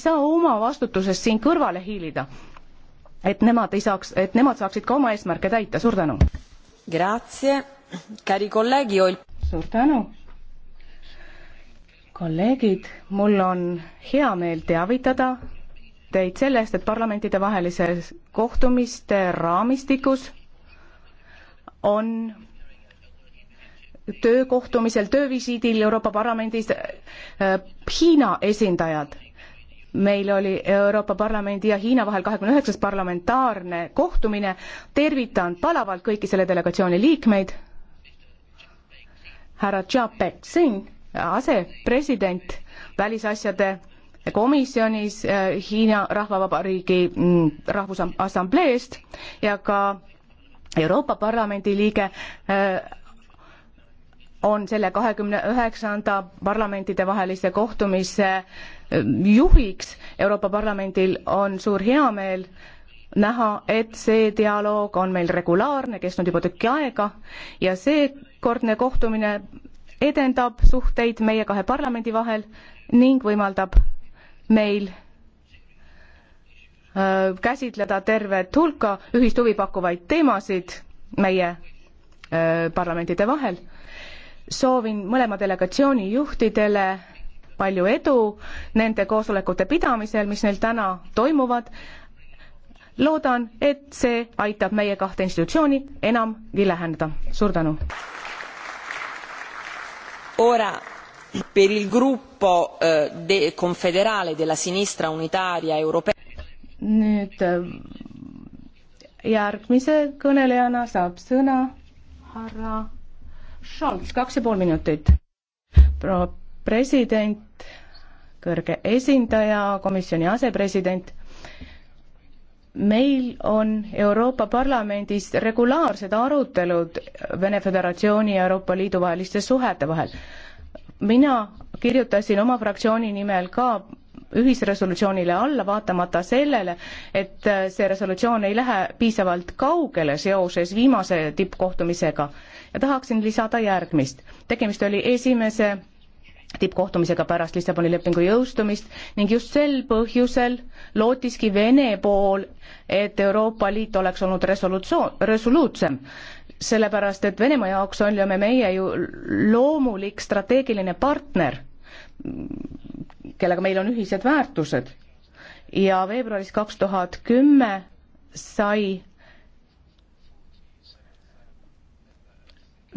saa oma vastutusest siin kõrvale hiilida. et nemad ei saaks, et nemad saaksid ka oma eesmärke täita, suur tänu. Grazie, cari colleghi ol.... suur tänu. kolleegid, mul on hea meel teavitada teid sellest, et parlamentidevahelises kohtumiste raamistikus on töökohtumisel, töövisiidil Euroopa Parlamendis äh, Hiina esindajad meil oli Euroopa Parlamendi ja Hiina vahel kahekümne üheksas parlamentaarne kohtumine, tervitan palavalt kõiki selle delegatsiooni liikmeid, härra Tšapek Singh, asepresident välisasjade komisjonis äh, Hiina Rahvavabariigi mm, Rahvusassamblee eest ja ka Euroopa Parlamendi liige äh, on selle kahekümne üheksanda parlamentidevahelise kohtumise juhiks Euroopa Parlamendil on suur heameel näha, et see dialoog on meil regulaarne, kestnud juba tükki aega ja seekordne kohtumine edendab suhteid meie kahe parlamendi vahel ning võimaldab meil äh, käsitleda tervet hulka ühist huvi pakkuvaid teemasid meie äh, parlamentide vahel. soovin mõlema delegatsiooni juhtidele palju edu nende koosolekute pidamisel, mis neil täna toimuvad. loodan, et see aitab meie kahte institutsiooni enamgi lähendada. suur tänu. Ora per il gruppo eh, de confederale della sinistra unitaria europea. nüüd järgmise kõnelejana saab sõna härra Scholz, kaks ja pool minutit. proua president, kõrge esindaja, komisjoni asepresident, meil on Euroopa Parlamendis regulaarsed arutelud Vene Föderatsiooni ja Euroopa Liidu vaheliste suhete vahel. mina kirjutasin oma fraktsiooni nimel ka ühisresolutsioonile alla, vaatamata sellele, et see resolutsioon ei lähe piisavalt kaugele seoses viimase tippkohtumisega. ja tahaksin lisada järgmist. tegemist oli esimese tippkohtumisega pärast Lissaboni lepingu jõustumist ning just sel põhjusel lootiski Vene pool, et Euroopa Liit oleks olnud resolutsioon, resoluutsem. sellepärast, et Venemaa jaoks olime meie ju loomulik strateegiline partner, kellega meil on ühised väärtused. ja veebruaris kaks tuhat kümme sai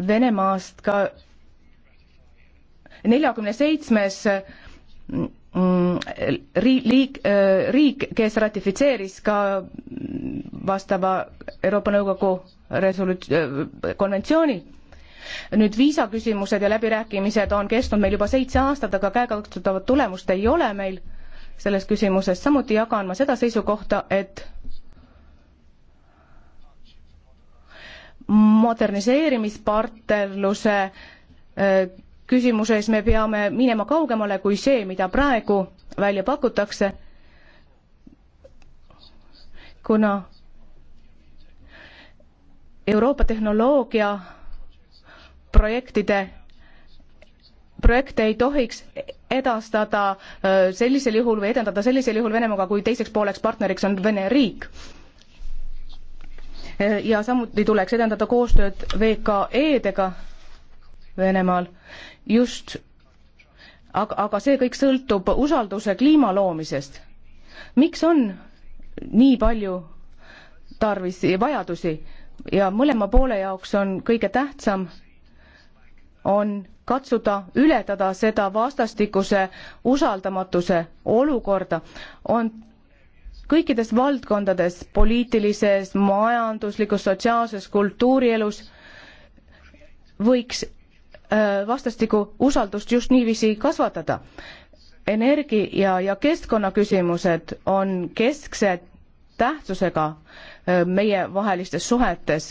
Venemaast ka neljakümne seitsmes mm, mm, riik, äh, riik, kes ratifitseeris ka vastava Euroopa Nõukogu resolut-, äh, konventsiooni. nüüd viisaküsimused ja läbirääkimised on kestnud meil juba seitse aastat, aga käegakatsutavat tulemust ei ole meil selles küsimuses, samuti jagan ma seda seisukohta, et moderniseerimispartnerluse äh, küsimuses me peame minema kaugemale kui see, mida praegu välja pakutakse, kuna Euroopa tehnoloogia projektide, projekte ei tohiks edastada äh, sellisel juhul või edendada sellisel juhul Venemaaga, kui teiseks pooleks partneriks on Vene riik. Äh, ja samuti tuleks edendada koostööd VKE-dega Venemaal just, aga, aga see kõik sõltub usalduse kliima loomisest. miks on nii palju tarvis vajadusi ja mõlema poole jaoks on kõige tähtsam, on katsuda ületada seda vastastikuse usaldamatuse olukorda, on kõikides valdkondades, poliitilises, majanduslikus, sotsiaalses, kultuurielus, võiks Äh, vastastikku usaldust just niiviisi kasvatada. energi- ja, ja keskkonnaküsimused on keskse tähtsusega äh, meie vahelistes suhetes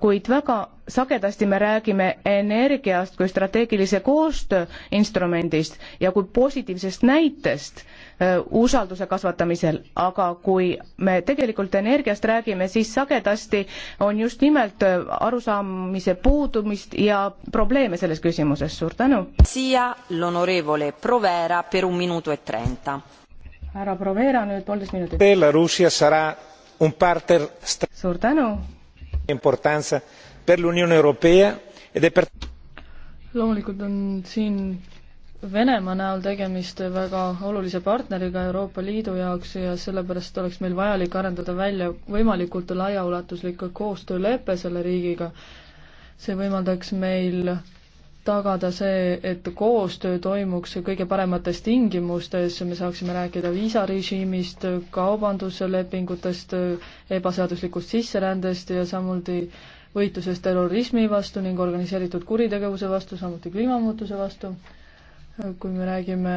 kuid väga sagedasti me räägime energiast kui strateegilise koostöö instrumendist ja kui positiivsest näitest äh, usalduse kasvatamisel, aga kui me tegelikult energiast räägime, siis sagedasti on just nimelt äh, arusaamise puudumist ja probleeme selles küsimuses, suur tänu. siia l'onorevole Provera per un minuto e trenta. härra Provera nüüd poolteist minutit. suur tänu importanza per l'Unione Europea ed è per loomulikult on siin Venemaa näol tegemist väga olulise partneriga Euroopa Liidu jaoks ja sellepärast oleks meil vajalik arendada välja võimalikult laiaulatuslik koostöölepe selle riigiga. see võimaldaks meil tagada see, et koostöö toimuks kõige paremates tingimustes, me saaksime rääkida viisarežiimist, kaubanduslepingutest, ebaseaduslikust sisserändest ja samuti võitluses terrorismi vastu ning organiseeritud kuritegevuse vastu, samuti kliimamuutuse vastu. kui me räägime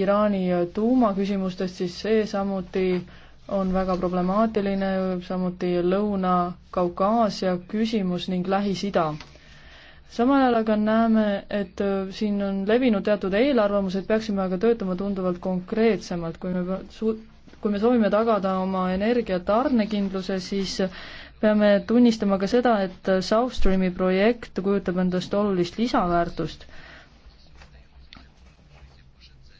Iraani tuumaküsimustest, siis see samuti on väga problemaatiline, samuti Lõuna-Kaukaasia küsimus ning Lähis-Ida samal ajal aga näeme, et äh, siin on levinud teatud eelarvamused, peaksime aga töötama tunduvalt konkreetsemalt, kui me su-, kui me soovime tagada oma energia tarnekindluse, siis peame tunnistama ka seda, et South Streami projekt kujutab endast olulist lisaväärtust.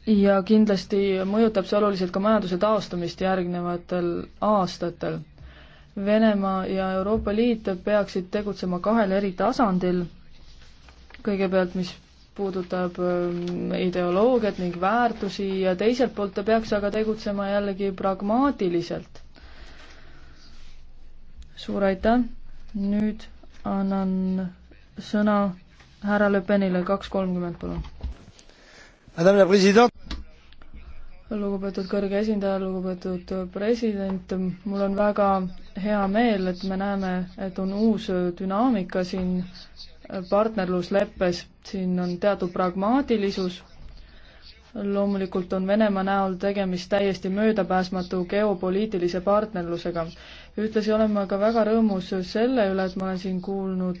ja kindlasti mõjutab see oluliselt ka majanduse taastumist järgnevatel aastatel. Venemaa ja Euroopa Liit peaksid tegutsema kahel eri tasandil kõigepealt, mis puudutab ähm, ideoloogiat ning väärtusi ja teiselt poolt ta peaks aga tegutsema jällegi pragmaatiliselt. suur aitäh, nüüd annan sõna härra Le Penile, kaks kolmkümmend, palun. lugupeetud kõrge esindaja, lugupeetud president, mul on väga hea meel, et me näeme, et on uus dünaamika siin partnerlusleppes, siin on teatud pragmaatilisus, loomulikult on Venemaa näol tegemist täiesti möödapääsmatu geopoliitilise partnerlusega. ühtlasi olen ma ka väga rõõmus selle üle, et ma olen siin kuulnud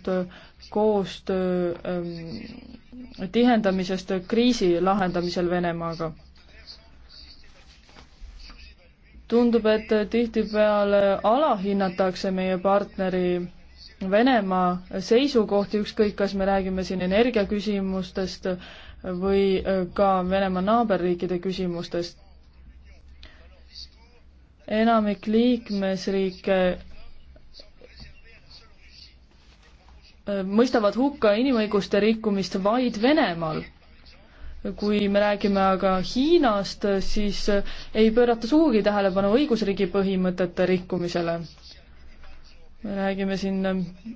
koostöö ähm, tihendamisest kriisi lahendamisel Venemaaga. tundub, et tihtipeale alahinnatakse meie partneri Venemaa seisukohti, ükskõik, kas me räägime siin energiaküsimustest või äh, ka Venemaa naaberriikide küsimustest. enamik liikmesriike äh, mõistavad hukka inimõiguste rikkumist vaid Venemaal. kui me räägime aga Hiinast, siis äh, ei pöörata sugugi tähelepanu õigusriigi põhimõtete rikkumisele me räägime siin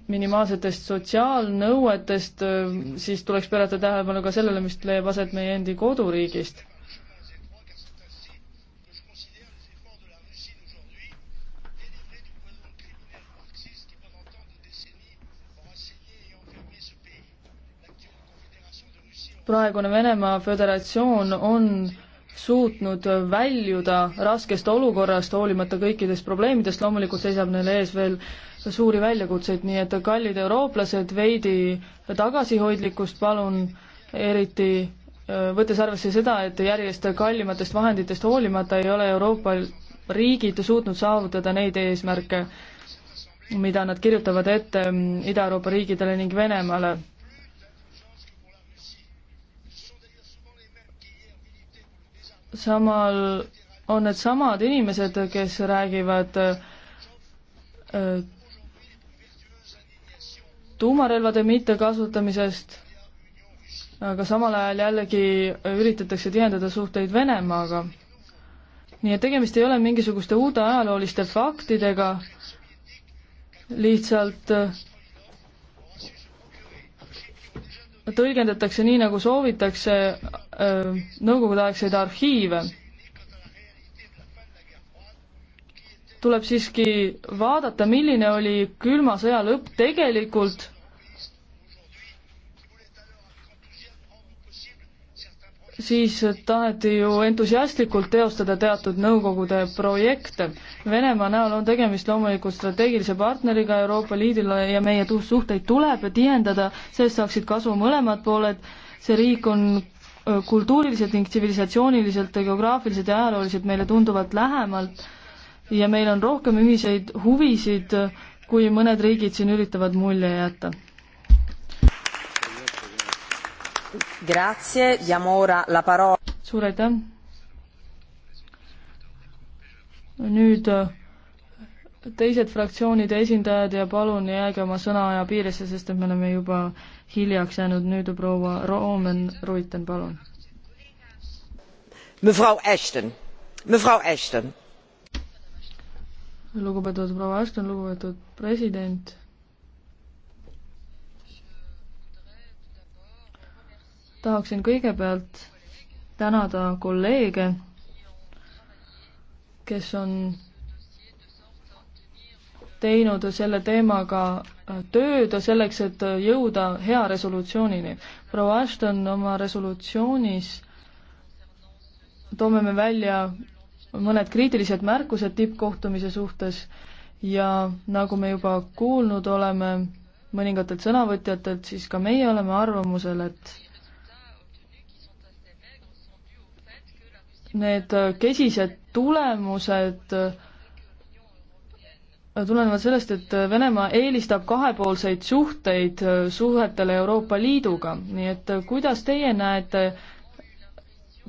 minimaalsetest sotsiaalnõuetest, siis tuleks pöörata tähelepanu ka sellele, mis leiab aset meie endi koduriigist. praegune Venemaa Föderatsioon on suutnud väljuda raskest olukorrast, hoolimata kõikidest probleemidest, loomulikult seisab neil ees veel äh, suuri väljakutseid, nii et kallid eurooplased, veidi tagasihoidlikkust palun, eriti võttes arvesse seda, et järjest kallimatest vahenditest hoolimata ei ole Euroopa riigid suutnud saavutada neid eesmärke, mida nad kirjutavad ette Ida-Euroopa riikidele ning Venemaale. samal on needsamad inimesed, kes räägivad tuumarelvade mittekasutamisest, aga samal ajal jällegi üritatakse tihendada suhteid Venemaaga. nii et tegemist ei ole mingisuguste uute ajalooliste faktidega, lihtsalt äh, tõlgendatakse nii, nagu soovitakse äh, nõukogudeaegseid arhiive tuleb siiski vaadata, milline oli külma sõja lõpp tegelikult. siis taheti ju entusiastlikult teostada teatud Nõukogude projekte. Venemaa näol on tegemist loomulikult strateegilise partneriga Euroopa Liidule ja meie suhteid tuleb tihendada, sellest saaksid kasu mõlemad pooled. see riik on äh, kultuuriliselt ning tsivilisatsiooniliselt, geograafiliselt ja ajalooliselt meile tunduvalt lähemalt ja meil on rohkem ühiseid huvisid, kui mõned riigid siin üritavad mulje jätta. suur aitäh. nüüd äh, teised fraktsioonide esindajad ja palun jääge oma sõnaaja piiresse, sest et me oleme juba hiljaks jäänud. nüüd proua Roomen Ruiten, palun. mevrouw Ashton, mevrouw Ashton lugupeetud proua Aston, lugupeetud president. tahaksin kõigepealt tänada kolleege, kes on teinud selle teemaga tööd selleks, et jõuda hea resolutsioonini. proua Ashton oma resolutsioonis toome me välja mõned kriitilised märkused tippkohtumise suhtes ja nagu me juba kuulnud oleme mõningatelt sõnavõtjatelt, siis ka meie oleme arvamusel, et need kesised tulemused tulenevad sellest, et Venemaa eelistab kahepoolseid suhteid suhetele Euroopa Liiduga, nii et kuidas teie näete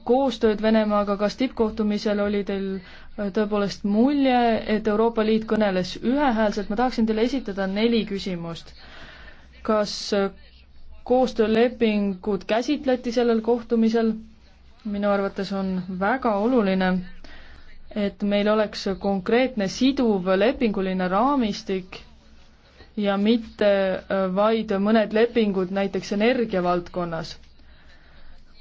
koostööd Venemaaga, kas tippkohtumisel oli teil äh, tõepoolest mulje, et Euroopa Liit kõneles ühehäälselt, ma tahaksin teile esitada neli küsimust. kas äh, koostöölepingut käsitleti sellel kohtumisel? minu arvates on väga oluline, et meil oleks konkreetne siduv lepinguline raamistik ja mitte äh, vaid mõned lepingud näiteks energiavaldkonnas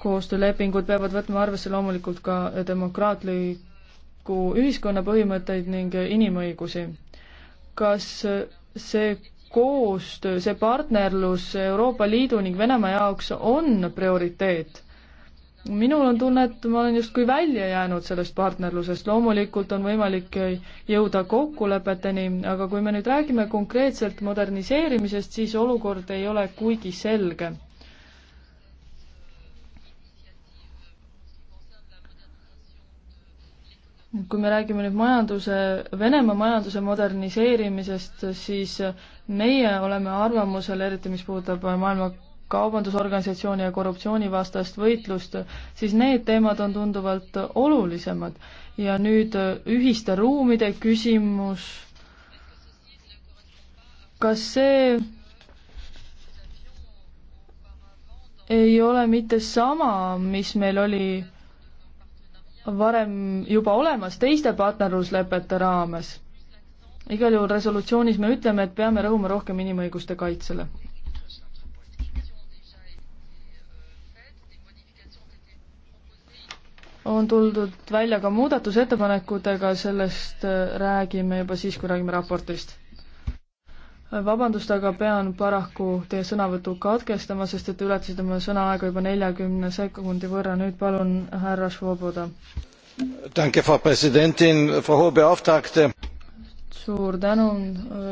koostöölepingud peavad võtma arvesse loomulikult ka demokraatliku ühiskonna põhimõtteid ning inimõigusi. kas see koostöö, see partnerlus Euroopa Liidu ning Venemaa jaoks on prioriteet? minul on tunne, et ma olen justkui välja jäänud sellest partnerlusest, loomulikult on võimalik jõuda kokkulepeteni, aga kui me nüüd räägime konkreetselt moderniseerimisest, siis olukord ei ole kuigi selge kui me räägime nüüd majanduse, Venemaa majanduse moderniseerimisest, siis meie oleme arvamusel, eriti mis puudutab maailma kaubandusorganisatsiooni ja korruptsioonivastast võitlust, siis need teemad on tunduvalt olulisemad. ja nüüd ühiste ruumide küsimus, kas see ei ole mitte sama, mis meil oli varem juba olemas teiste partnerluslepete raames. igal juhul resolutsioonis me ütleme, et peame rõhuma rohkem inimõiguste kaitsele. on tuldud välja ka muudatusettepanekutega, sellest äh, räägime juba siis, kui räägime raportist vabandust, aga pean paraku teie sõnavõtu katkestama, sest et te ületasite oma sõnaaega juba neljakümne sekundi võrra, nüüd palun härra Švoboda. suur tänu,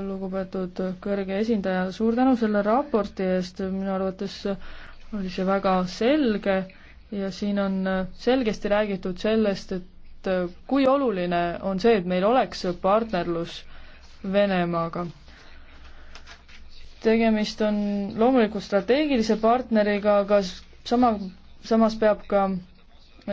lugupeetud kõrge esindaja, suur tänu selle raporti eest, minu arvates oli see väga selge ja siin on selgesti räägitud sellest, et kui oluline on see, et meil oleks partnerlus Venemaaga tegemist on loomulikult strateegilise partneriga, aga sama, samas peab ka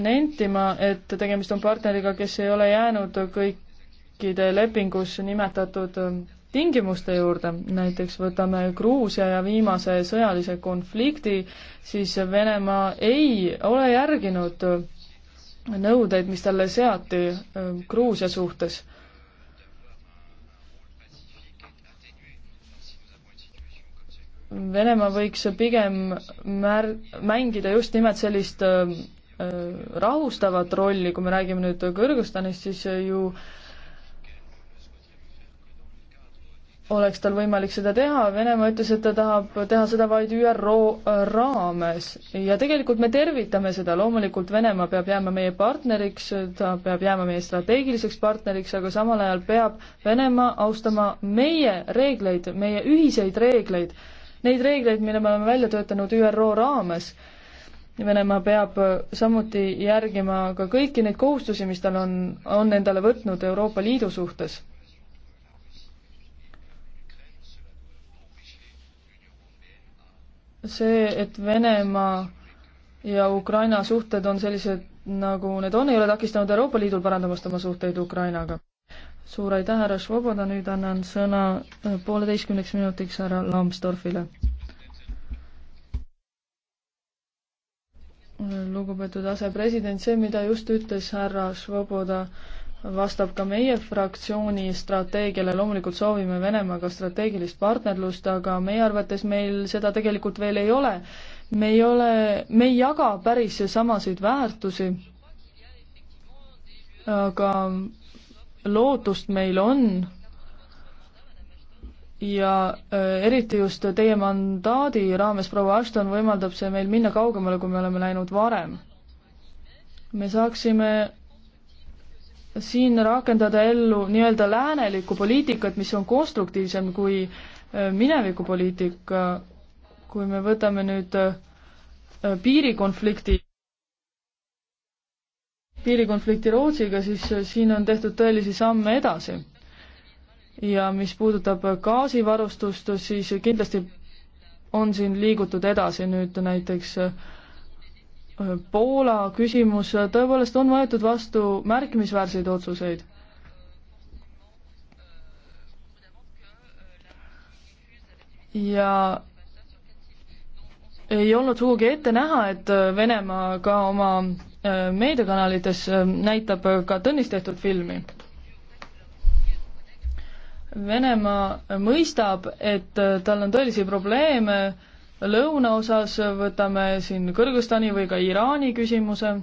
nentima, et tegemist on partneriga, kes ei ole jäänud kõikide lepingus nimetatud ähm, tingimuste juurde, näiteks võtame Gruusia ja viimase sõjalise konflikti, siis Venemaa ei ole järginud äh, nõudeid, mis talle seati ähm, Gruusia suhtes Venemaa võiks pigem mär-, mängida just nimelt sellist äh, äh, rahustavat rolli, kui me räägime nüüd Kõrgõzstanist, siis ju oleks tal võimalik seda teha, Venemaa ütles, et ta tahab teha seda vaid ÜRO äh, raames ja tegelikult me tervitame seda, loomulikult Venemaa peab jääma meie partneriks, ta peab jääma meie strateegiliseks partneriks, aga samal ajal peab Venemaa austama meie reegleid, meie ühiseid reegleid neid reegleid, mille me oleme välja töötanud ÜRO raames. Venemaa peab samuti järgima ka kõiki neid kohustusi, mis tal on, on endale võtnud Euroopa Liidu suhtes. see, et Venemaa ja Ukraina suhted on sellised, nagu need on, ei ole takistanud Euroopa Liidul parandamast oma suhteid Ukrainaga suur aitäh, härra Švoboda, nüüd annan sõna äh, pooleteistkümneks minutiks härra Lambsdorffile. lugupeetud asepresident, see, mida just ütles härra Švoboda, vastab ka meie fraktsiooni strateegiale, loomulikult soovime Venemaaga strateegilist partnerlust, aga meie arvates meil seda tegelikult veel ei ole. me ei ole, me ei jaga päris samasid väärtusi, aga lootust meil on ja äh, eriti just teie mandaadi raames, proua Ashton, võimaldab see meil minna kaugemale, kui me oleme läinud varem. me saaksime siin rakendada ellu nii-öelda läänelikku poliitikat, mis on konstruktiivsem kui äh, minevikupoliitika, kui me võtame nüüd äh, piirikonflikti piirikonflikti Rootsiga, siis äh, siin on tehtud tõelisi samme edasi. ja mis puudutab gaasivarustust, siis kindlasti on siin liigutud edasi, nüüd näiteks äh, Poola küsimus, tõepoolest on võetud vastu märkimisväärseid otsuseid ja ei olnud sugugi ette näha, et Venemaa ka oma meediakanalites äh, näitab äh, ka Tõnis tehtud filmi. Venemaa mõistab, et äh, tal on tõelisi probleeme lõunaosas, võtame siin Kõrgõzstani või ka Iraani küsimuse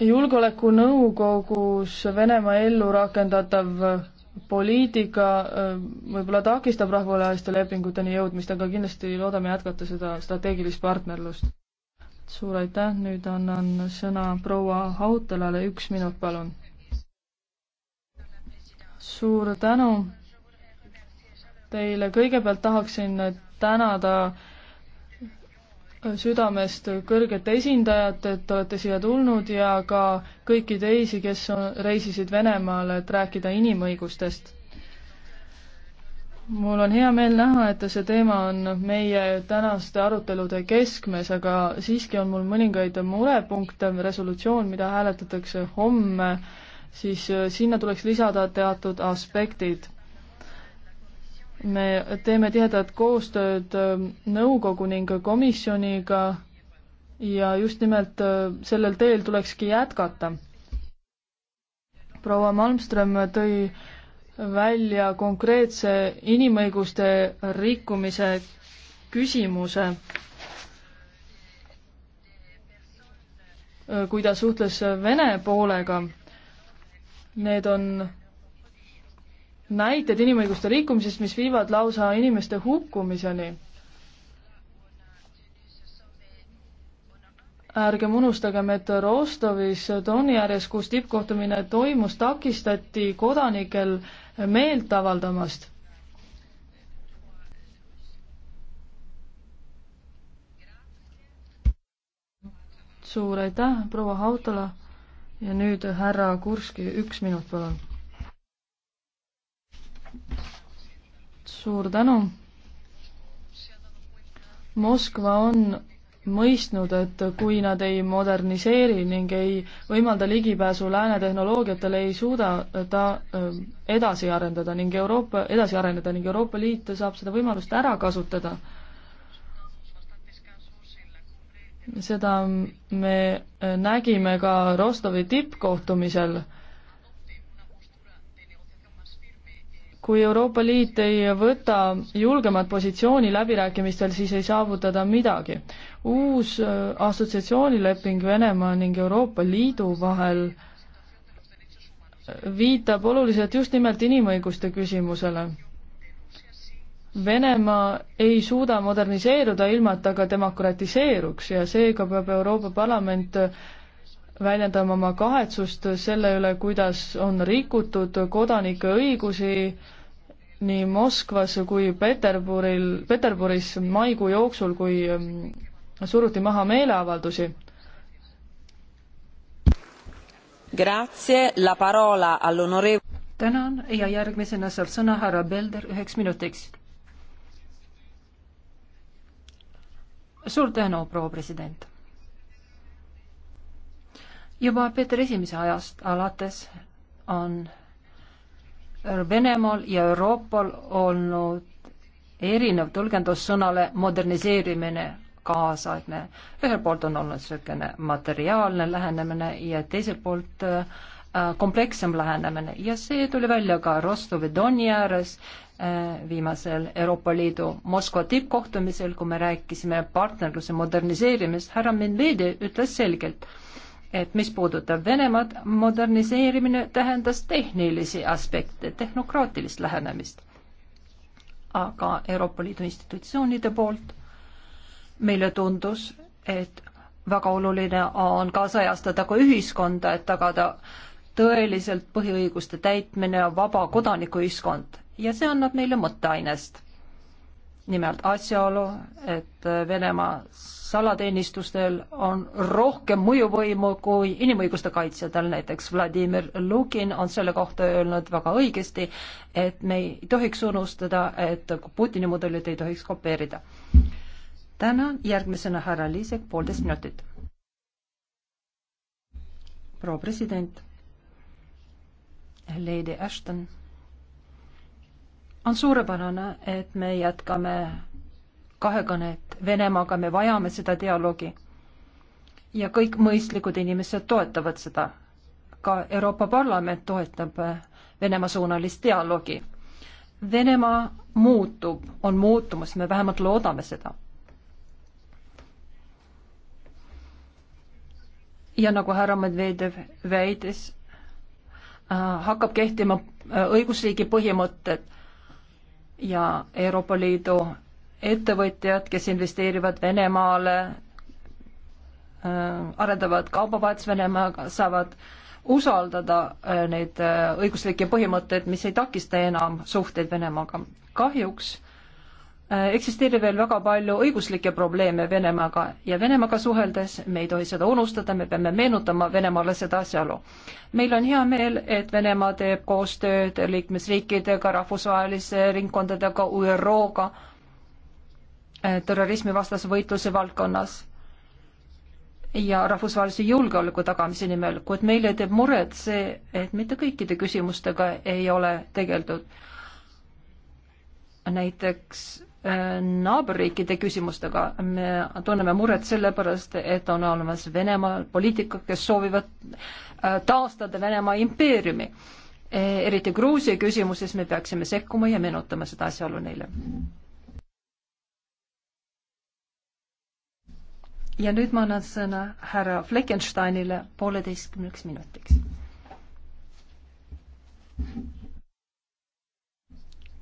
julgeolekunõukogus Venemaa ellu rakendatav poliitika äh, võib-olla takistab rahvusvaheliste lepinguteni jõudmist, aga kindlasti loodame jätkata seda strateegilist partnerlust. suur aitäh, nüüd annan sõna proua Hautalale, üks minut, palun. suur tänu teile, kõigepealt tahaksin tänada südamest kõrget esindajat, et olete siia tulnud ja ka kõiki teisi, kes on, reisisid Venemaale, et rääkida inimõigustest. mul on hea meel näha, et see teema on meie tänaste arutelude keskmes, aga siiski on mul mõningaid murepunkte, resolutsioon, mida hääletatakse homme, siis äh, sinna tuleks lisada teatud aspektid me teeme tihedat koostööd äh, nõukogu ning komisjoniga ja just nimelt äh, sellel teel tulekski jätkata. proua Malmström tõi välja konkreetse inimõiguste rikkumise küsimuse, äh, kui ta suhtles Vene poolega. Need on näited inimõiguste rikkumisest, mis viivad lausa inimeste hukkumiseni. ärgem unustagem, et Rostovis Doni ääres, kus tippkohtumine toimus, takistati kodanikel meelt avaldamast. suur aitäh, proua Hautala ja nüüd härra Kurski, üks minut, palun suur tänu. Moskva on mõistnud, et kui nad ei moderniseeri ning ei võimalda ligipääsu lääne tehnoloogiatele, ei suuda ta ähm, edasi arendada ning Euroopa, edasi areneda ning Euroopa Liit saab seda võimalust ära kasutada. seda me äh, nägime ka Rostovi tippkohtumisel kui Euroopa Liit ei võta julgemat positsiooni läbirääkimistel, siis ei saavuta ta midagi. uus äh, assotsiatsioonileping Venemaa ning Euroopa Liidu vahel äh, viitab oluliselt just nimelt inimõiguste küsimusele. Venemaa ei suuda moderniseeruda ilma, et ta ka demokratiseeruks ja seega peab Euroopa Parlament äh, väljendame oma kahetsust selle üle, kuidas on rikutud kodanike õigusi nii Moskvas kui Peterburil, Peterburis maikuu jooksul, kui mm, suruti maha meeleavaldusi. tänan ja järgmisena saab sõna härra Belder üheks minutiks. suur tänu, proua president juba Peeter Esimese ajast alates on Venemaal ja Euroopal olnud erinev tõlgendus sõnale moderniseerimine, kaasaegne. ühelt poolt on olnud niisugune materiaalne lähenemine ja teiselt poolt äh, komplekssem lähenemine ja see tuli välja ka Rostovi Doni ääres äh, viimasel Euroopa Liidu Moskva tippkohtumisel, kui me rääkisime partnerluse moderniseerimist, härra Medvedev ütles selgelt äh,, et mis puudutab Venemaad, moderniseerimine tähendas tehnilisi aspekte, tehnokraatilist lähenemist. aga Euroopa Liidu institutsioonide poolt meile tundus, et väga oluline on kaasajastada ka ühiskonda, et tagada tõeliselt põhiõiguste täitmine ja vaba kodanikuühiskond ja see annab meile mõtteainest. nimelt asjaolu, et Venemaa salateenistustel on rohkem mõjuvõimu kui inimõiguste kaitsjatel, näiteks Vladimir Lukin on selle kohta öelnud väga õigesti, et me ei tohiks unustada, et Putini mudelit ei tohiks kopeerida. tänan, järgmisena härra Liisek, poolteist minutit. proua president, Lady Ashton, on suurepärane, et me jätkame kahekõnet Venemaaga, me vajame seda dialoogi. ja kõik mõistlikud inimesed toetavad seda. ka Euroopa Parlament toetab äh, Venemaa-suunalist dialoogi. Venemaa muutub, on muutumas, me vähemalt loodame seda. ja nagu härra Medvedev väitis, äh, hakkab kehtima äh, õigusriigi põhimõtted ja Euroopa Liidu ettevõtjad, kes investeerivad Venemaale, äh, arendavad kaubavahetust Venemaaga, saavad usaldada äh, neid äh, õiguslikke põhimõtteid, mis ei takista enam suhteid Venemaaga. kahjuks eksisteerib veel väga palju õiguslikke probleeme Venemaaga ja Venemaaga suheldes me ei tohi seda unustada, me peame meenutama Venemaale seda asjaolu. meil on hea meel, et Venemaa teeb koostööd liikmesriikidega, rahvusvahelise ringkondadega, ÜRO-ga Äh, terrorismivastase võitluse valdkonnas ja rahvusvahelise julgeoleku tagamise nimel, kuid meile teeb muret see, et mitte kõikide küsimustega ei ole tegeldud. näiteks äh, naaberriikide küsimustega. me tunneme muret sellepärast, et on olemas Venemaal poliitikud, kes soovivad äh, taastada Venemaa impeeriumi. eriti Gruusia küsimuses me peaksime sekkuma ja meenutama seda asjaolu neile mm. -hmm ja nüüd ma annan sõna härra Fleckensteinile pooleteistkümneks minutiks.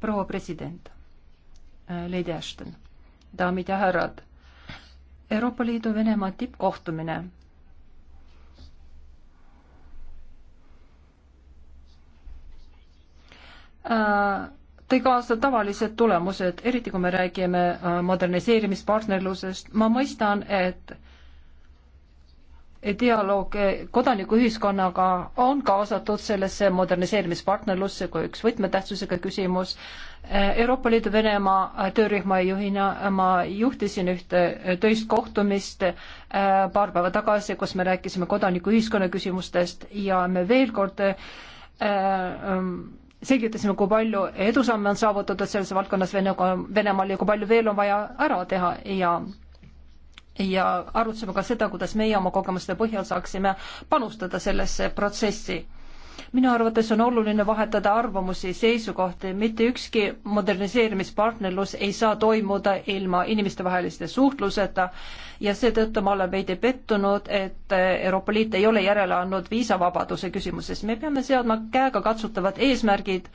proua president, äh, Lady Ashton, daamid ja härrad, Euroopa Liidu Venemaa tippkohtumine äh, tõi kaasa tavalised tulemused, eriti kui me räägime äh, moderniseerimispartnerlusest. ma mõistan, et dialoog äh, kodanikuühiskonnaga on kaasatud sellesse moderniseerimispartnerlusse kui üks võtmetähtsusega küsimus. Äh, Euroopa Liidu Venemaa töörühma juhina ma juhtisin ühte töist kohtumist paar päeva tagasi, kus me rääkisime kodanikuühiskonna küsimustest ja me veel kord äh, selgitasime, kui palju edusamme on saavutatud selles valdkonnas Vene, Venemaal ja kui palju veel on vaja ära teha ja ja arutasime ka seda, kuidas meie oma kogemuste põhjal saaksime panustada sellesse protsessi minu arvates on oluline vahetada arvamusi, seisukohti, mitte ükski moderniseerimispartnerlus ei saa toimuda ilma inimestevaheliste suhtluseta ja seetõttu ma olen veidi pettunud, et Euroopa Liit ei ole järele andnud viisavabaduse küsimuses. me peame seadma käegakatsutavad eesmärgid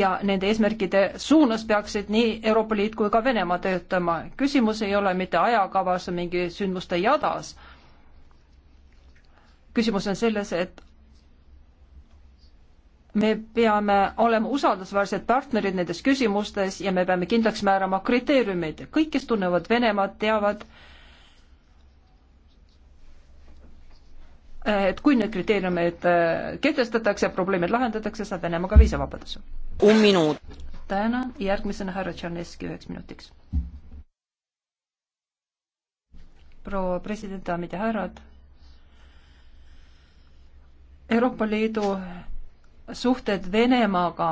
ja nende eesmärkide suunas peaksid nii Euroopa Liit kui ka Venemaa töötama. küsimus ei ole mitte ajakavas, mingi sündmuste jadas küsimus on selles, et me peame olema usaldusväärsed partnerid nendes küsimustes ja me peame kindlaks määrama kriteeriumid. kõik, kes tunnevad Venemaad, teavad, et kui need kriteeriumid äh, kehtestatakse, probleemid lahendatakse, saab Venemaa ka viisavabaduse. tänan, järgmisena härra Tšerneski üheks minutiks. proua president, daamid ja härrad Euroopa Liidu suhted Venemaaga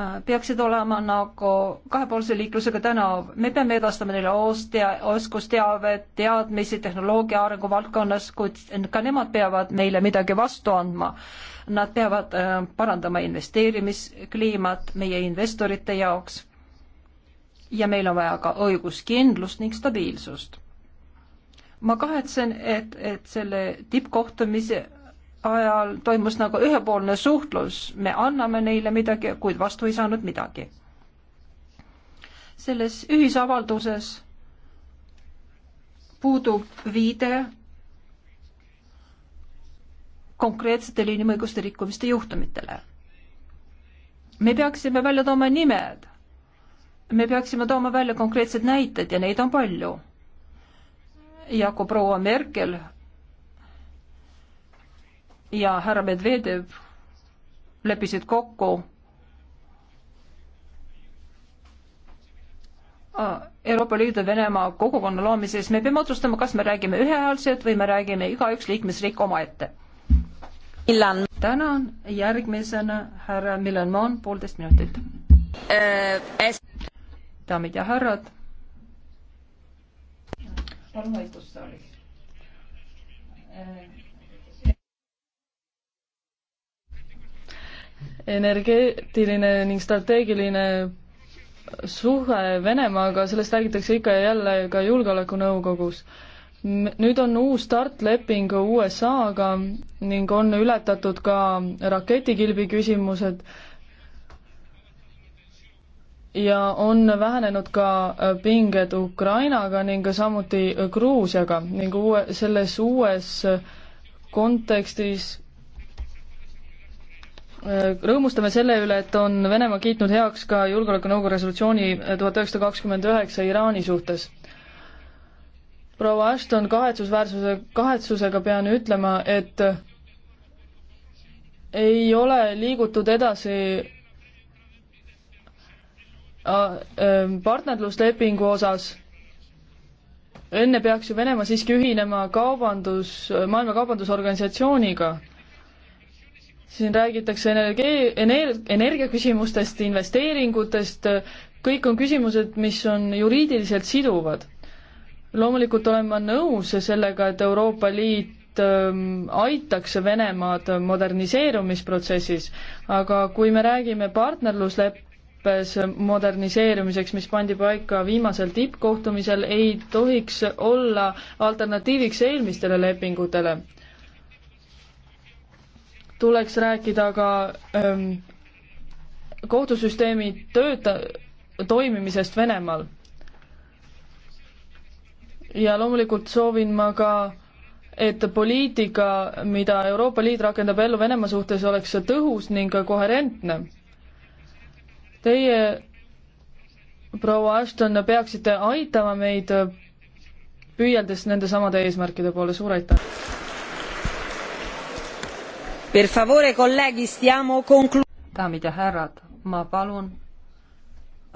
äh, peaksid olema nagu kahepoolse liiklusega tänav. me peame edastama neile ostia, oskusteavet, teadmisi tehnoloogia arengu valdkonnas, kuid ka nemad peavad meile midagi vastu andma. Nad peavad äh, parandama investeerimiskliimat meie investorite jaoks. ja meil on vaja ka õiguskindlust ning stabiilsust. ma kahetsen, et, et selle tippkohtumise ajal toimus nagu ühepoolne suhtlus, me anname neile midagi, kuid vastu ei saanud midagi. selles ühisavalduses puudub viide konkreetsetele inimõiguste rikkumiste juhtumitele. me peaksime välja tooma nimed, me peaksime tooma välja konkreetsed näited ja neid on palju. ja kui proua Merkel ja härra Medvedev leppisid kokku äh, Euroopa Liidu Venemaa kogukonna loomises, me peame otsustama, kas me räägime ühehäälselt või me räägime igaüks liikmesriik omaette. tänan, järgmisena härra Milan Moon, poolteist minutit äh,. daamid ja härrad. palun vaikust saalis äh,. energeetiline ning strateegiline suhe Venemaaga, sellest räägitakse ikka ja jälle ka Julgeolekunõukogus. nüüd on uus startleping USA-ga ning on ületatud ka raketikilbi küsimused ja on vähenenud ka pinged Ukrainaga ning samuti Gruusiaga ning uue, selles uues kontekstis rõõmustame selle üle, et on Venemaa kiitnud heaks ka Julgeolekunõukogu resolutsiooni eh, tuhat üheksasada kakskümmend üheksa Iraani suhtes. proua Ashton, kahetsusväärsuse, kahetsusega pean ütlema, et ei ole liigutud edasi ähm, partnerluslepingu osas enne peaks ju Venemaa siiski ühinema kaubandus, Maailma Kaubandusorganisatsiooniga siin räägitakse energia, energia, energiaküsimustest, investeeringutest, kõik on küsimused, mis on juriidiliselt siduvad. loomulikult olen ma nõus sellega, et Euroopa Liit ähm, aitaks Venemaad moderniseerumisprotsessis, aga kui me räägime partnerlusleppes moderniseerumiseks, mis pandi paika viimasel tippkohtumisel, ei tohiks olla alternatiiviks eelmistele lepingutele tuleks rääkida ka ähm, kohtusüsteemi tööta-, toimimisest Venemaal. ja loomulikult soovin ma ka, et poliitika, mida Euroopa Liit rakendab ellu Venemaa suhtes, oleks tõhus ning koherentne. Teie, proua Ashton, peaksite aitama meid püüeldes nendesamade eesmärkide poole, suur aitäh! Per favore, kolleegi, stiamo conclu-. daamid ja härrad, ma palun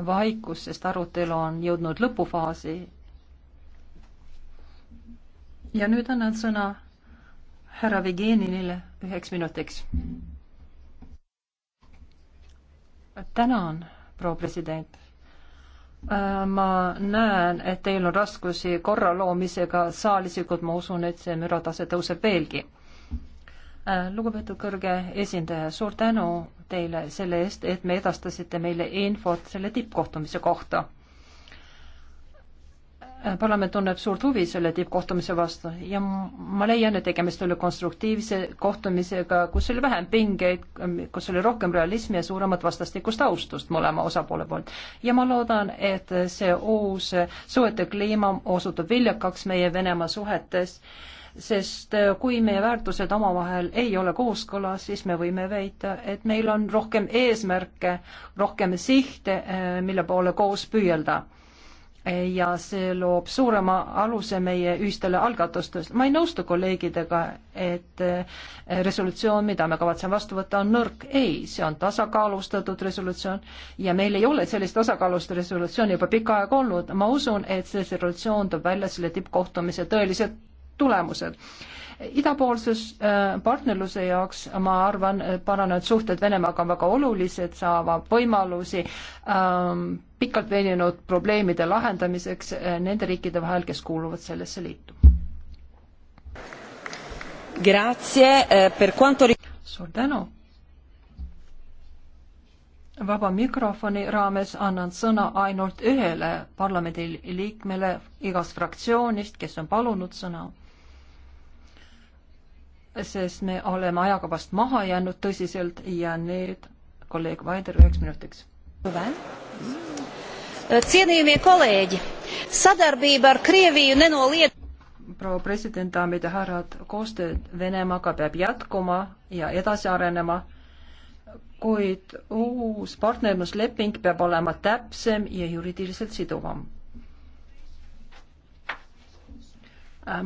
vaikust, sest arutelu on jõudnud lõpufaasi. ja nüüd annan sõna härra Vigeninile üheks minutiks. tänan, proua president äh, Ma näen, et teil on raskusi korra loomisega saalisikud, ma usun, et see müratase tõuseb veelgi. Äh, lugupeetud kõrge esindaja, suur tänu teile selle eest, et me edastasite meile infot selle tippkohtumise kohta. Äh, parlament tunneb suurt huvi selle tippkohtumise vastu ja ma leian, et tegemist oli konstruktiivse kohtumisega, kus oli vähem pingeid, kus oli rohkem realismi ja suuremat vastastikust austust mõlema osapoole poolt. ja ma loodan, et see uus suhete kliima osutub viljakaks meie Venemaa suhetes äh, sest äh, kui meie väärtused omavahel ei ole kooskõlas, siis me võime väita, et meil on rohkem eesmärke, rohkem sihte, äh, mille poole koos püüelda. ja see loob suurema aluse meie ühistele algatustest. ma ei nõustu kolleegidega, et äh, resolutsioon, mida me kavatseme vastu võtta, on nõrk. ei, see on tasakaalustatud resolutsioon ja meil ei ole sellist tasakaalust resolutsiooni juba pikka aega olnud. ma usun, et see resolutsioon toob välja selle tippkohtumise tõelised tulemused. idapoolses äh, partnerluse jaoks ma arvan, paranenud suhted Venemaaga on väga olulised, saavad võimalusi ähm, pikalt veninud probleemide lahendamiseks äh, nende riikide vahel, kes kuuluvad sellesse liitu. Äh, quanto... suur tänu vaba mikrofoni raames annan sõna ainult ühele parlamendiliikmele igast fraktsioonist, kes on palunud sõna sest me oleme ajakavast maha jäänud tõsiselt ja nüüd kolleeg Vaider üheks minutiks. Cienījamie kolēģi, sadarbība ar Krieviju nenoliet... Proua president, daamid ja härrad, koostöö Venemaaga peab jätkuma ja edasi arenema, kuid uus partnerlusleping peab olema täpsem ja juriidiliselt siduvam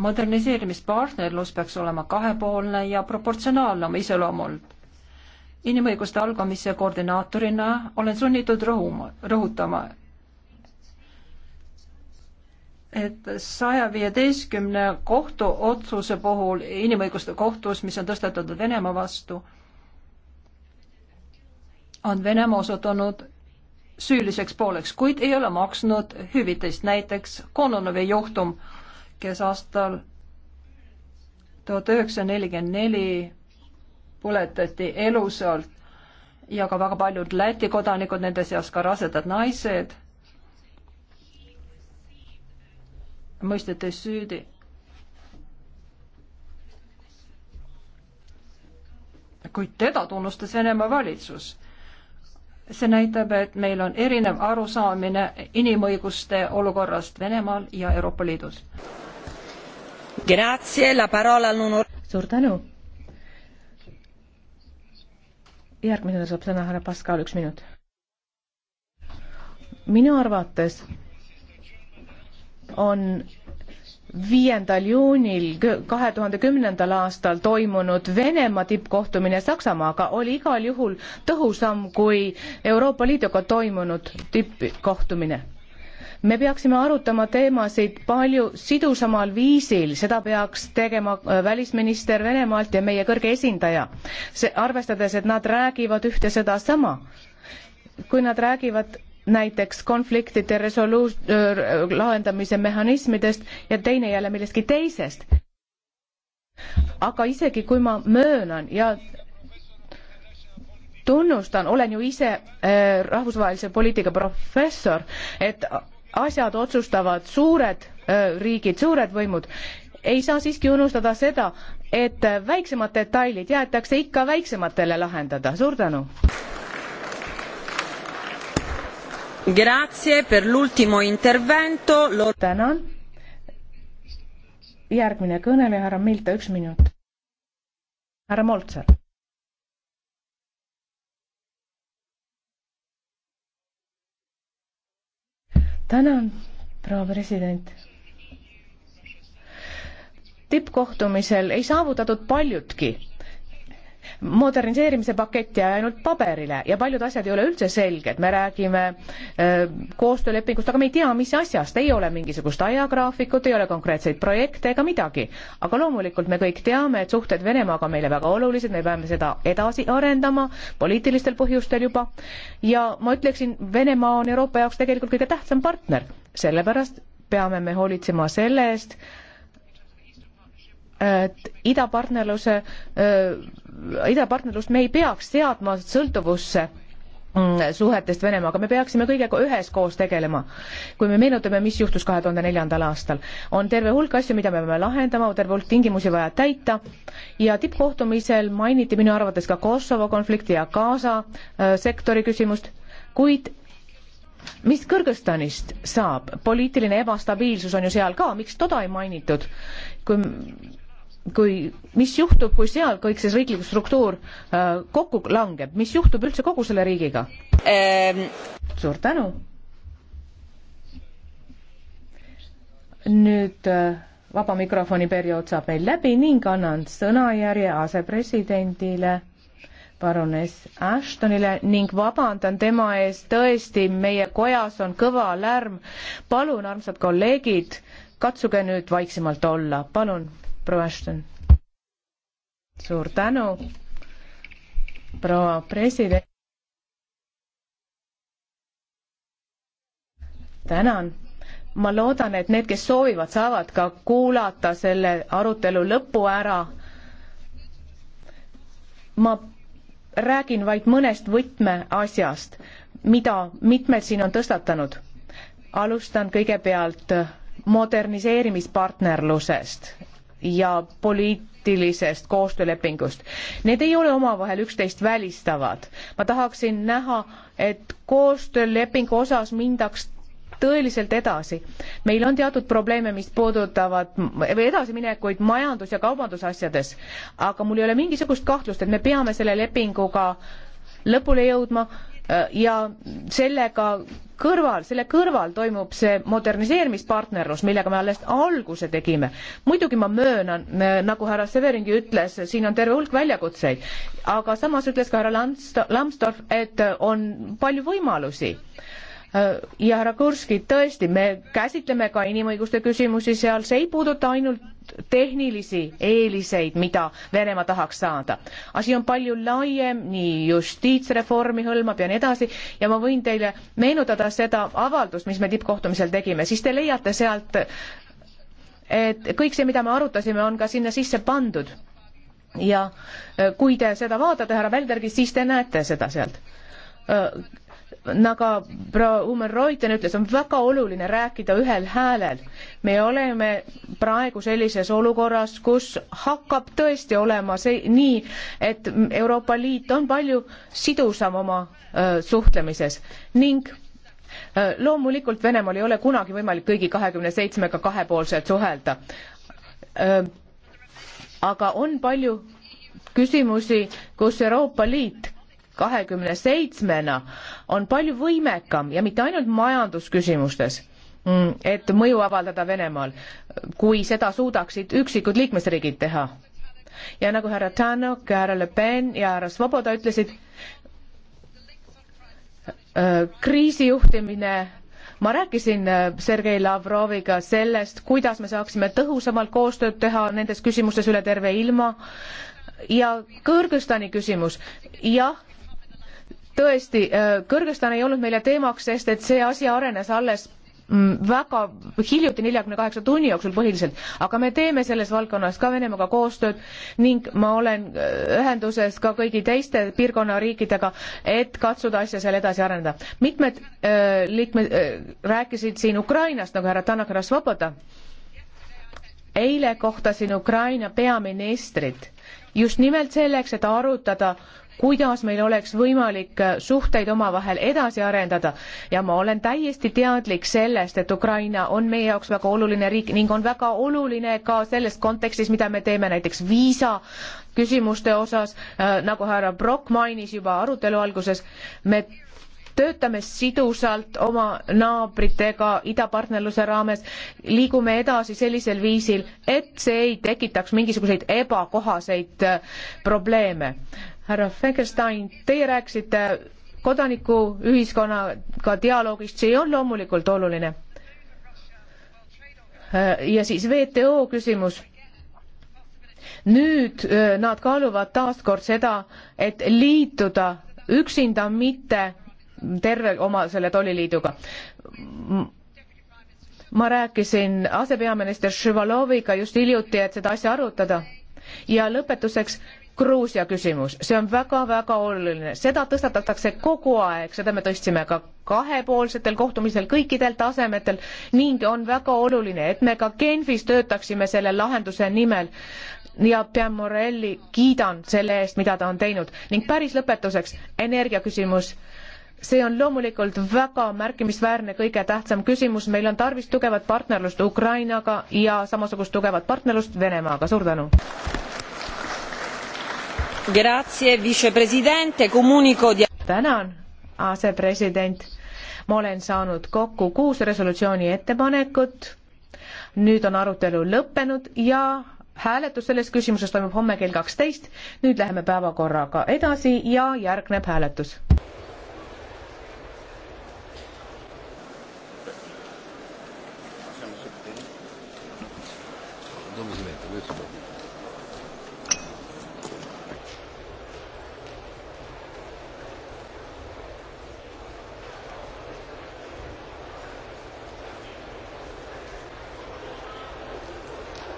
moderniseerimispartnerlus peaks olema kahepoolne ja proportsionaalne oma iseloomult. inimõiguste algamise koordinaatorina olen sunnitud rõhuma, rõhutama, et saja viieteistkümne kohtuotsuse puhul inimõiguste kohtus, mis on tõstetatud Venemaa vastu, on Venemaa osutunud süüliseks pooleks, kuid ei ole maksnud hüvitist, näiteks Kononovi juhtum kes aastal tuhat üheksasada nelikümmend neli põletati elusalt ja ka väga paljud Läti kodanikud, nende seas ka rasedad naised, mõisteti süüdi. kuid teda tunnustas Venemaa valitsus. see näitab, et meil on erinev arusaamine inimõiguste olukorrast Venemaal ja Euroopa Liidus suur tänu. järgmisena saab sõna härra Pascal, üks minut. minu arvates on viiendal juunil kahe tuhande kümnendal aastal toimunud Venemaa tippkohtumine Saksamaaga oli igal juhul tõhusam kui Euroopa Liiduga toimunud tippkohtumine me peaksime arutama teemasid palju sidusamal viisil, seda peaks tegema äh, välisminister Venemaalt ja meie kõrge esindaja, arvestades, et nad räägivad ühte sedasama. kui nad räägivad näiteks konfliktide resoluus-, äh, lahendamise mehhanismidest ja teine jälle millestki teisest. aga isegi kui ma möönan ja tunnustan, olen ju ise äh, rahvusvahelise poliitika professor, et asjad otsustavad suured öö, riigid, suured võimud, ei saa siiski unustada seda, et väiksemad detailid jäetakse ikka väiksematele lahendada. suur tänu! tänan! järgmine kõneleja, härra Milta, üks minut. härra Moltser tänan, proua president. tippkohtumisel ei saavutatud paljutki moderniseerimise pakett jäi ainult paberile ja paljud asjad ei ole üldse selged, me räägime öö, äh, koostöölepingust, aga me ei tea, mis asjast, ei ole mingisugust ajagraafikut, ei ole konkreetseid projekte ega midagi. aga loomulikult me kõik teame, et suhted Venemaaga on meile väga olulised, me peame seda edasi arendama poliitilistel põhjustel juba ja ma ütleksin, Venemaa on Euroopa jaoks tegelikult kõige tähtsam partner, sellepärast peame me hoolitsema selle eest, idapartnerluse, äh, idapartnerlust me ei peaks seadma sõltuvusse mm, suhetest Venemaaga, me peaksime kõigega üheskoos tegelema. kui me meenutame, mis juhtus kahe tuhande neljandal aastal, on terve hulk asju, mida me peame lahendama, terve hulk tingimusi vaja täita ja tippkohtumisel mainiti minu arvates ka Kosovo konflikti ja Gaza äh, sektori küsimust, kuid mis Kõrgõzstanist saab, poliitiline ebastabiilsus on ju seal ka, miks toda ei mainitud, kui kui, mis juhtub, kui seal kõik see riiklik struktuur äh, kokku langeb, mis juhtub üldse kogu selle riigiga ähm.? suur tänu. nüüd äh, vaba mikrofoni periood saab meil läbi ning annan sõnajärje asepresidendile paruness Ashtonile ning vabandan tema ees, tõesti, meie kojas on kõva lärm. palun, armsad kolleegid, katsuge nüüd vaiksemalt olla, palun proua Ashton. suur tänu, proua president. tänan ma loodan, et need, kes soovivad, saavad ka kuulata selle arutelu lõpu ära. ma räägin vaid mõnest võtmeasjast, mida mitmed siin on tõstatanud. alustan kõigepealt moderniseerimispartnerlusest ja poliitilisest koostöölepingust. Need ei ole omavahel üksteist välistavad. ma tahaksin näha, et koostöölepingu osas mindaks tõeliselt edasi. meil on teatud probleeme, mis puudutavad või edasiminekuid majandus- ja kaubandusasjades, aga mul ei ole mingisugust kahtlust, et me peame selle lepinguga lõpule jõudma Äh, ja sellega kõrval, selle kõrval toimub see moderniseerimispartnerlus, millega me alles alguse tegime. muidugi ma möönan, nagu härra Severingi ütles, siin on terve hulk väljakutseid, aga samas ütles ka härra Lambsdorff, et on palju võimalusi äh, ja härra Kurski, tõesti, me käsitleme ka inimõiguste küsimusi seal, see ei puuduta ainult ainult tehnilisi eeliseid, mida Venemaa tahaks saada. asi on palju laiem, nii justiitsreformi hõlmab ja nii edasi ja ma võin teile meenutada seda avaldust, mis me tippkohtumisel tegime, siis te leiate sealt, et kõik see, mida me arutasime, on ka sinna sisse pandud. ja kui te seda vaatate, härra Väldergi, siis te näete seda sealt äh, nagu proua Umer Reuten ütles, on väga oluline rääkida ühel häälel. me oleme praegu sellises olukorras, kus hakkab tõesti olema see nii, et Euroopa Liit on palju sidusam oma öö, suhtlemises ning öö, loomulikult Venemaal ei ole kunagi võimalik kõigi kahekümne seitsmega kahepoolselt suhelda. aga on palju küsimusi, kus Euroopa Liit kahekümne seitsmena, on palju võimekam ja mitte ainult majandusküsimustes, mm, et mõju avaldada Venemaal, kui seda suudaksid üksikud liikmesriigid teha. ja nagu härra Tanok, härra Le Pen ja härra Svoboda ütlesid, äh, kriisijuhtimine ma rääkisin äh, Sergei Lavroviga sellest, kuidas me saaksime tõhusamalt koostööd teha nendes küsimustes üle terve ilma ja Kõrgõzstani küsimus, jah, tõesti, äh, Kõrgõzstan ei olnud meile teemaks, sest et see asi arenes alles mm, väga hiljuti, neljakümne kaheksa tunni jooksul põhiliselt, aga me teeme selles valdkonnas ka Venemaaga koostööd ning ma olen äh, ühenduses ka kõigi teiste piirkonna riikidega, et katsuda asja seal edasi arendada. mitmed äh, liikmed äh, rääkisid siin Ukrainast, nagu härra Tanak härra Svoboda. eile kohtasin Ukraina peaministrit just nimelt selleks, et arutada äh, kuidas meil oleks võimalik äh, suhteid omavahel edasi arendada ja ma olen täiesti teadlik sellest, et Ukraina on meie jaoks väga oluline riik ning on väga oluline ka selles kontekstis, mida me teeme näiteks viisa küsimuste osas, äh, nagu härra Brock mainis juba arutelu alguses, me töötame sidusalt oma naabritega idapartnerluse raames, liigume edasi sellisel viisil, et see ei tekitaks mingisuguseid ebakohaseid äh, probleeme härra Fegenstein, teie rääkisite kodanikuühiskonnaga dialoogist, see on loomulikult oluline. Äh, ja siis WTO küsimus. nüüd äh, nad kaaluvad taaskord seda, et liituda üksinda, mitte terve oma selle tolliliiduga ma rääkisin asepeaminister Šivaloviga just hiljuti, et seda asja arutada. ja lõpetuseks Gruusia kysymys, se on väga-väga oluline, seda tõstatatakse kogu aeg, seda me tõstsime ka kahepoolsetel kohtumistel kõikidel tasemetel ning on väga oluline, et me ka Genfis töötaksime selle lahenduse nimel ja pean Morelli kiidan selle eest, mida ta on teinud ning päris lõpetuseks energiaküsimus see on loomulikult väga märkimisväärne kõige tähtsam küsimus, meil on tarvis tugevat partnerlust Ukrainaga ja samasugust tugevat partnerlust Venemaaga, suur tänu! tänan, asepresident. ma olen saanud kokku kuus resolutsiooni ettepanekut. nüüd on arutelu lõppenud ja hääletus selles küsimuses toimub homme kell kaksteist. nüüd läheme päevakorraga edasi ja järgneb hääletus.